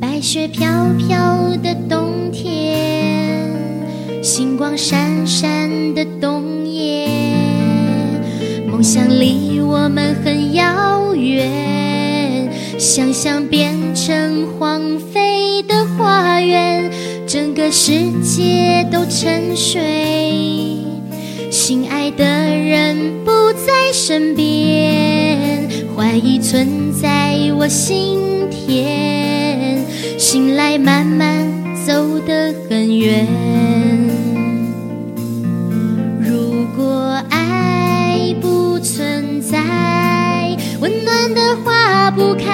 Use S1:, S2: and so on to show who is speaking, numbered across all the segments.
S1: 白雪飄飄的冬天，星光閃閃的冬夜，夢想離我們很遙遠。想象變成荒廢的花園，整個世界都沉睡，心愛的人不在身邊。懷疑存在我心田，信賴慢慢走得很遠。如果愛不存在，溫暖的花不開，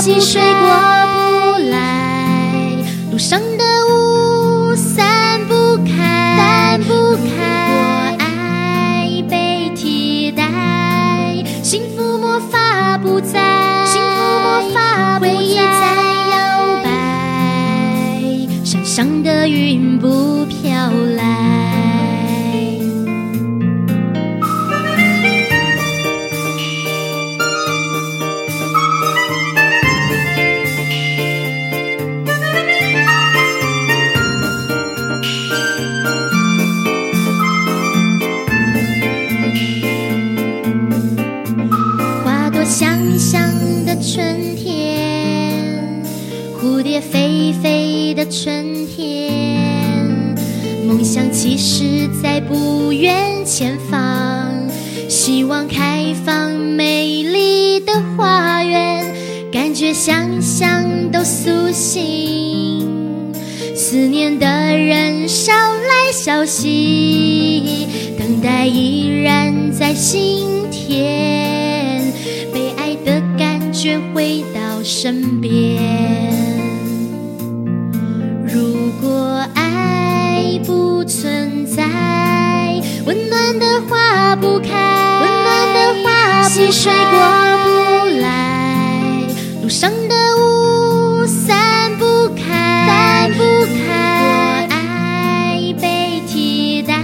S1: 溪水過不來，路上。上的雲不飄來，花朵香香的春天，蝴蝶飛。春天，夢想其實在不遠前方。希望開放美麗的花園，感覺想象都甦醒。思念的人捎來消息，等待依然在心田。被愛的感覺回到身邊。溫暖的花不開，溫暖的花溪水過不來，路上的霧散不開，散不開。我愛被替代，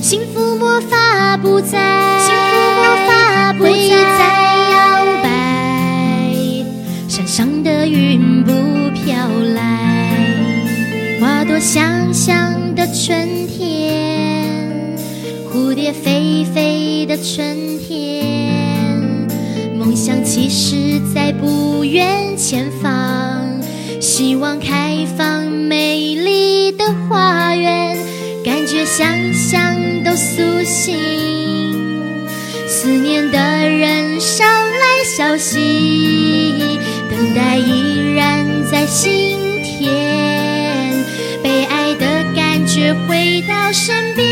S1: 幸福魔法不在，幸福魔法不在，回憶在搖擺，山上的雲不飄來，花朵香香的春天。蝴蝶飛飛的春天，夢想其實在不遠前方。希望開放美麗的花園，感覺想象都甦醒。思念的人捎來消息，等待依然在心田。被愛的感覺回到身邊。